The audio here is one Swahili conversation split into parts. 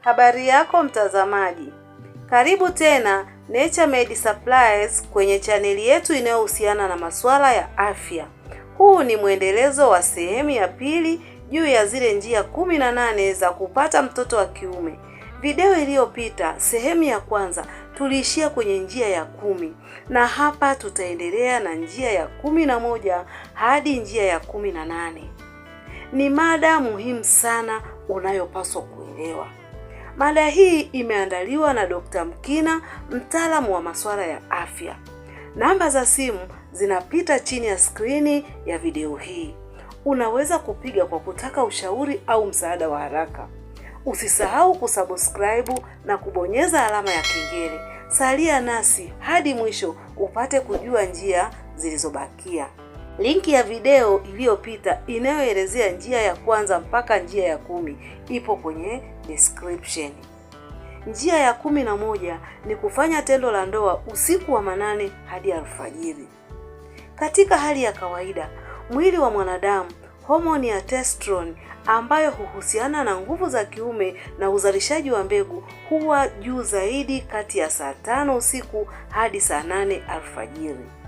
Habari yako mtazamaji, karibu tena Naturemed Supplies kwenye chaneli yetu inayohusiana na masuala ya afya. Huu ni mwendelezo wa sehemu ya pili juu ya zile njia kumi na nane za kupata mtoto wa kiume. Video iliyopita sehemu ya kwanza tuliishia kwenye njia ya kumi na hapa tutaendelea na njia ya kumi na moja hadi njia ya kumi na nane. Ni mada muhimu sana unayopaswa kuelewa. Mada hii imeandaliwa na Dr. Mkina, mtaalamu wa masuala ya afya. Namba za simu zinapita chini ya skrini ya video hii. Unaweza kupiga kwa kutaka ushauri au msaada wa haraka. Usisahau kusubscribe na kubonyeza alama ya kengele. Salia nasi hadi mwisho upate kujua njia zilizobakia. Linki ya video iliyopita inayoelezea njia ya kwanza mpaka njia ya kumi ipo kwenye description. Njia ya kumi na moja ni kufanya tendo la ndoa usiku wa manane hadi alfajiri. Katika hali ya kawaida, mwili wa mwanadamu homoni ya testosterone ambayo huhusiana na nguvu za kiume na uzalishaji wa mbegu huwa juu zaidi kati ya saa tano usiku hadi saa nane alfajiri.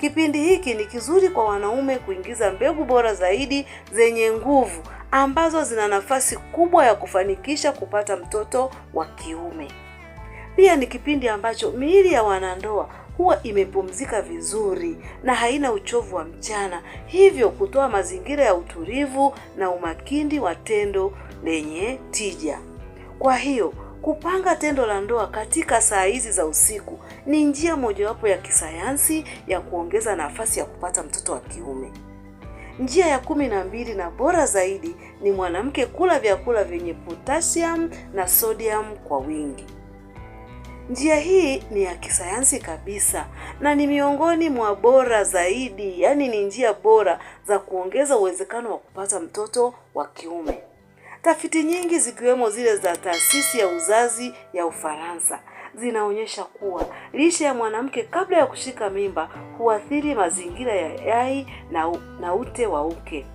Kipindi hiki ni kizuri kwa wanaume kuingiza mbegu bora zaidi zenye nguvu ambazo zina nafasi kubwa ya kufanikisha kupata mtoto wa kiume. Pia ni kipindi ambacho miili ya wanandoa huwa imepumzika vizuri na haina uchovu wa mchana, hivyo kutoa mazingira ya utulivu na umakini wa tendo lenye tija. Kwa hiyo Kupanga tendo la ndoa katika saa hizi za usiku ni njia mojawapo ya kisayansi ya kuongeza nafasi ya kupata mtoto wa kiume. Njia ya kumi na mbili na bora zaidi ni mwanamke kula vyakula vyenye potassium na sodium kwa wingi. Njia hii ni ya kisayansi kabisa na ni miongoni mwa bora zaidi, yaani ni njia bora za kuongeza uwezekano wa kupata mtoto wa kiume. Tafiti nyingi zikiwemo zile za taasisi ya uzazi ya Ufaransa zinaonyesha kuwa lishe ya mwanamke kabla ya kushika mimba huathiri mazingira ya yai na, na ute wa uke.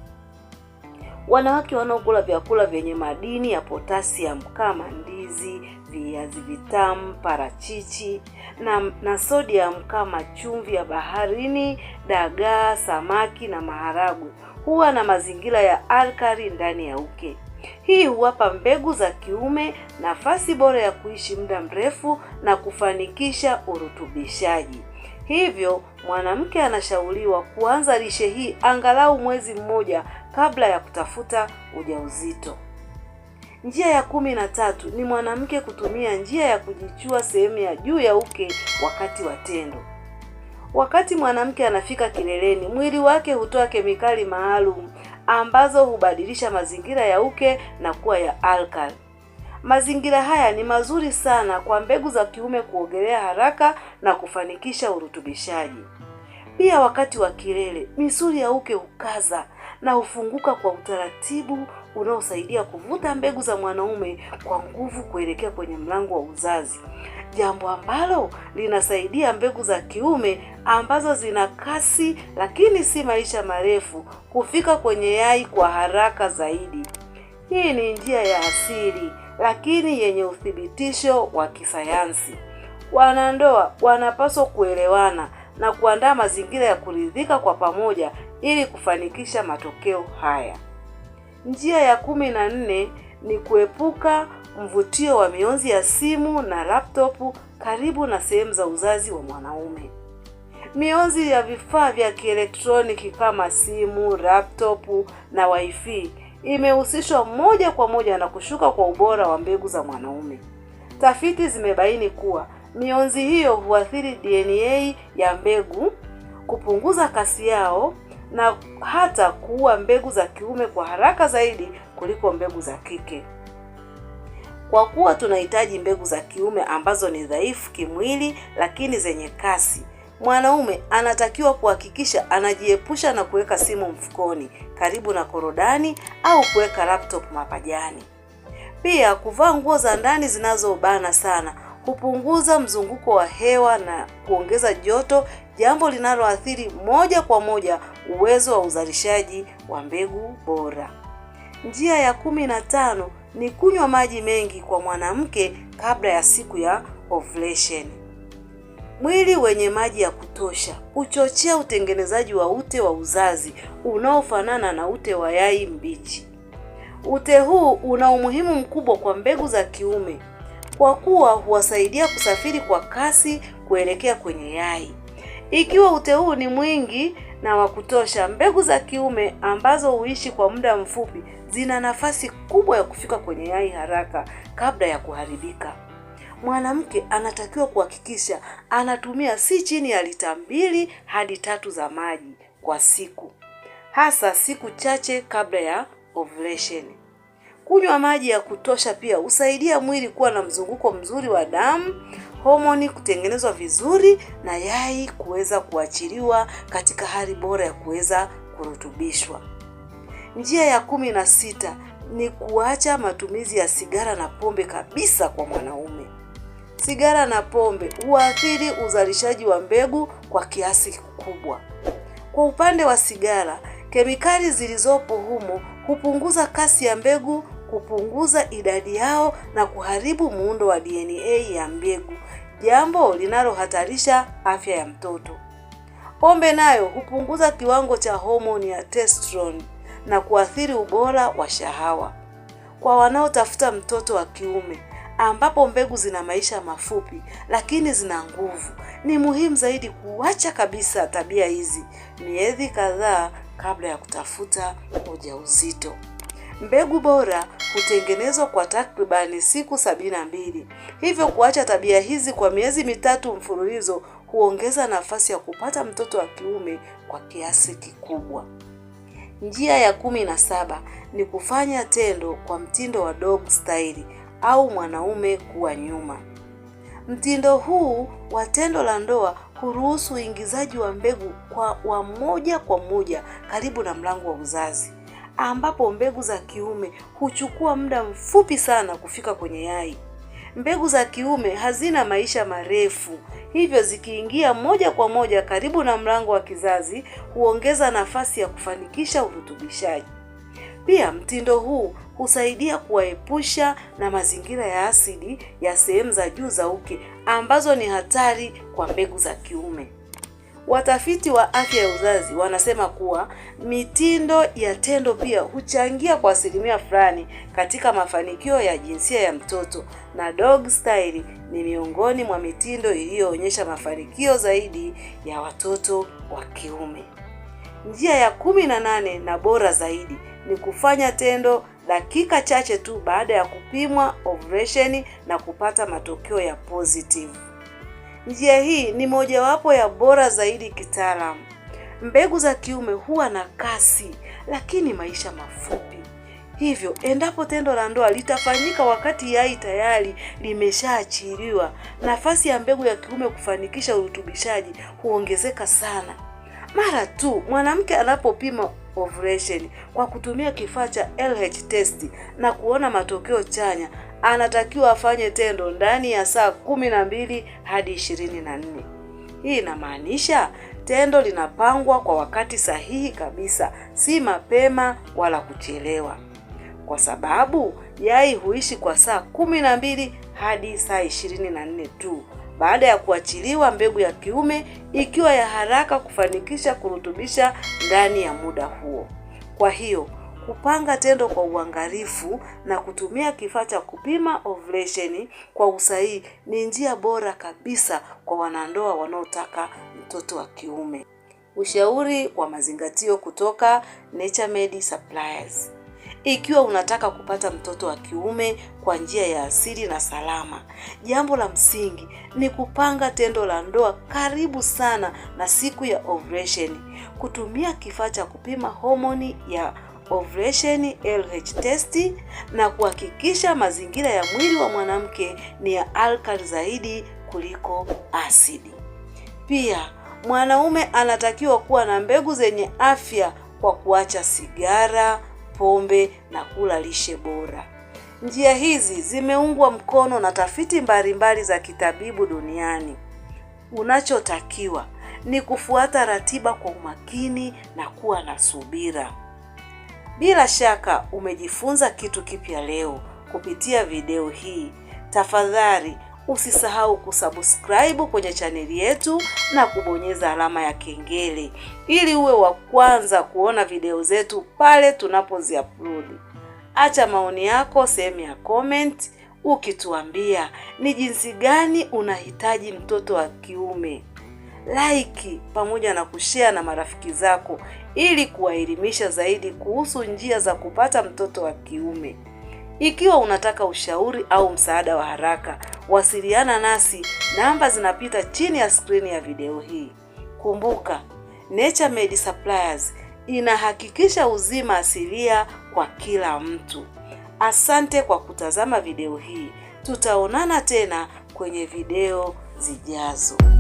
Wanawake wanaokula vyakula vyenye madini ya potasiamu kama ndizi, viazi vitamu, parachichi na, na sodiamu kama chumvi ya baharini, dagaa, samaki na maharagwe huwa na mazingira ya alkali ndani ya uke. Hii huwapa mbegu za kiume nafasi bora ya kuishi muda mrefu na kufanikisha urutubishaji. Hivyo mwanamke anashauriwa kuanza lishe hii angalau mwezi mmoja kabla ya kutafuta ujauzito. Njia ya kumi na tatu ni mwanamke kutumia njia ya kujichua sehemu ya juu ya uke wakati wa tendo. Wakati mwanamke anafika kileleni, mwili wake hutoa kemikali maalum ambazo hubadilisha mazingira ya uke na kuwa ya alkali. Mazingira haya ni mazuri sana kwa mbegu za kiume kuogelea haraka na kufanikisha urutubishaji. Pia wakati wa kilele misuli ya uke hukaza na hufunguka kwa utaratibu unaosaidia kuvuta mbegu za mwanaume kwa nguvu kuelekea kwenye mlango wa uzazi, jambo ambalo linasaidia mbegu za kiume ambazo zina kasi lakini si maisha marefu kufika kwenye yai kwa haraka zaidi. Hii ni njia ya asili lakini yenye uthibitisho wa kisayansi. Wanandoa wanapaswa kuelewana na kuandaa mazingira ya kuridhika kwa pamoja ili kufanikisha matokeo haya. Njia ya kumi na nne ni kuepuka mvutio wa mionzi ya simu na laptop karibu na sehemu za uzazi wa mwanaume. Mionzi ya vifaa vya kielektroniki kama simu, laptop na wifi imehusishwa moja kwa moja na kushuka kwa ubora wa mbegu za mwanaume. Tafiti zimebaini kuwa mionzi hiyo huathiri DNA ya mbegu, kupunguza kasi yao, na hata kuua mbegu za kiume kwa haraka zaidi kuliko mbegu za kike. Kwa kuwa tunahitaji mbegu za kiume ambazo ni dhaifu kimwili lakini zenye kasi, mwanaume anatakiwa kuhakikisha anajiepusha na kuweka simu mfukoni, karibu na korodani au kuweka laptop mapajani. Pia kuvaa nguo za ndani zinazobana sana kupunguza mzunguko wa hewa na kuongeza joto, jambo linaloathiri moja kwa moja uwezo wa uzalishaji wa mbegu bora. Njia ya kumi na tano ni kunywa maji mengi kwa mwanamke kabla ya siku ya ovulation. Mwili wenye maji ya kutosha huchochea utengenezaji wa ute wa uzazi unaofanana na ute wa yai mbichi. Ute huu una umuhimu mkubwa kwa mbegu za kiume kwa kuwa huwasaidia kusafiri kwa kasi kuelekea kwenye yai. Ikiwa uteu ni mwingi na wa kutosha, mbegu za kiume ambazo huishi kwa muda mfupi zina nafasi kubwa ya kufika kwenye yai haraka kabla ya kuharibika. Mwanamke anatakiwa kuhakikisha anatumia si chini ya lita mbili hadi tatu za maji kwa siku, hasa siku chache kabla ya ovulation. Kunywa maji ya kutosha pia husaidia mwili kuwa na mzunguko mzuri wa damu, homoni kutengenezwa vizuri na yai kuweza kuachiliwa katika hali bora ya kuweza kurutubishwa. Njia ya kumi na sita ni kuacha matumizi ya sigara na pombe kabisa kwa mwanaume. Sigara na pombe huathiri uzalishaji wa mbegu kwa kiasi kikubwa. Kwa upande wa sigara, kemikali zilizopo humo hupunguza kasi ya mbegu kupunguza idadi yao na kuharibu muundo wa DNA ya mbegu, jambo linalohatarisha afya ya mtoto. Pombe nayo hupunguza kiwango cha homoni ya testosterone na kuathiri ubora wa shahawa kwa wanaotafuta mtoto wa kiume ambapo mbegu zina maisha mafupi lakini zina nguvu. Ni muhimu zaidi kuacha kabisa tabia hizi miezi kadhaa kabla ya kutafuta ujauzito. Mbegu bora hutengenezwa kwa takribani siku sabini na mbili, hivyo kuacha tabia hizi kwa miezi mitatu mfululizo huongeza nafasi ya kupata mtoto wa kiume kwa kiasi kikubwa. Njia ya kumi na saba ni kufanya tendo kwa mtindo wa dog style au mwanaume kuwa nyuma. Mtindo huu wa tendo la ndoa huruhusu uingizaji wa mbegu kwa wa moja kwa moja karibu na mlango wa uzazi ambapo mbegu za kiume huchukua muda mfupi sana kufika kwenye yai. Mbegu za kiume hazina maisha marefu, hivyo zikiingia moja kwa moja karibu na mlango wa kizazi huongeza nafasi ya kufanikisha urutubishaji. Pia mtindo huu husaidia kuwaepusha na mazingira ya asidi ya sehemu za juu za uke ambazo ni hatari kwa mbegu za kiume. Watafiti wa afya ya uzazi wanasema kuwa mitindo ya tendo pia huchangia kwa asilimia fulani katika mafanikio ya jinsia ya mtoto, na dog style ni miongoni mwa mitindo iliyoonyesha mafanikio zaidi ya watoto wa kiume. Njia ya kumi na nane na bora zaidi ni kufanya tendo dakika chache tu baada ya kupimwa ovulation na kupata matokeo ya positive. Njia hii ni mojawapo ya bora zaidi kitaalamu. Mbegu za kiume huwa na kasi lakini maisha mafupi, hivyo endapo tendo la ndoa litafanyika wakati yai tayari limeshaachiliwa, nafasi ya mbegu ya kiume kufanikisha urutubishaji huongezeka sana. Mara tu mwanamke anapopima ovulation kwa kutumia kifaa cha LH test na kuona matokeo chanya, anatakiwa afanye tendo ndani ya saa kumi na mbili hadi ishirini na nne. Hii inamaanisha tendo linapangwa kwa wakati sahihi kabisa, si mapema wala kuchelewa, kwa sababu yai huishi kwa saa kumi na mbili hadi saa ishirini na nne tu baada ya kuachiliwa mbegu ya kiume, ikiwa ya haraka kufanikisha kurutubisha ndani ya muda huo. Kwa hiyo kupanga tendo kwa uangalifu na kutumia kifaa cha kupima ovulation kwa usahihi ni njia bora kabisa kwa wanandoa wanaotaka mtoto wa kiume. Ushauri wa mazingatio kutoka Naturemed Supplies. Ikiwa unataka kupata mtoto wa kiume kwa njia ya asili na salama, jambo la msingi ni kupanga tendo la ndoa karibu sana na siku ya ovulation, kutumia kifaa cha kupima homoni ya ovulation LH test na kuhakikisha mazingira ya mwili wa mwanamke ni ya alkali zaidi kuliko asidi. Pia mwanaume anatakiwa kuwa na mbegu zenye afya kwa kuacha sigara, pombe na kula lishe bora. Njia hizi zimeungwa mkono na tafiti mbalimbali mbali za kitabibu duniani. Unachotakiwa ni kufuata ratiba kwa umakini na kuwa na subira. Bila shaka umejifunza kitu kipya leo kupitia video hii. Tafadhali usisahau kusubscribe kwenye chaneli yetu na kubonyeza alama ya kengele ili uwe wa kwanza kuona video zetu pale tunapoziupload. Acha maoni yako sehemu ya comment ukituambia ni jinsi gani unahitaji mtoto wa kiume like pamoja na kushare na marafiki zako ili kuwaelimisha zaidi kuhusu njia za kupata mtoto wa kiume. Ikiwa unataka ushauri au msaada wa haraka, wasiliana nasi, namba zinapita chini ya skrini ya video hii. Kumbuka, Naturemed Supplies inahakikisha uzima asilia kwa kila mtu. Asante kwa kutazama video hii. Tutaonana tena kwenye video zijazo.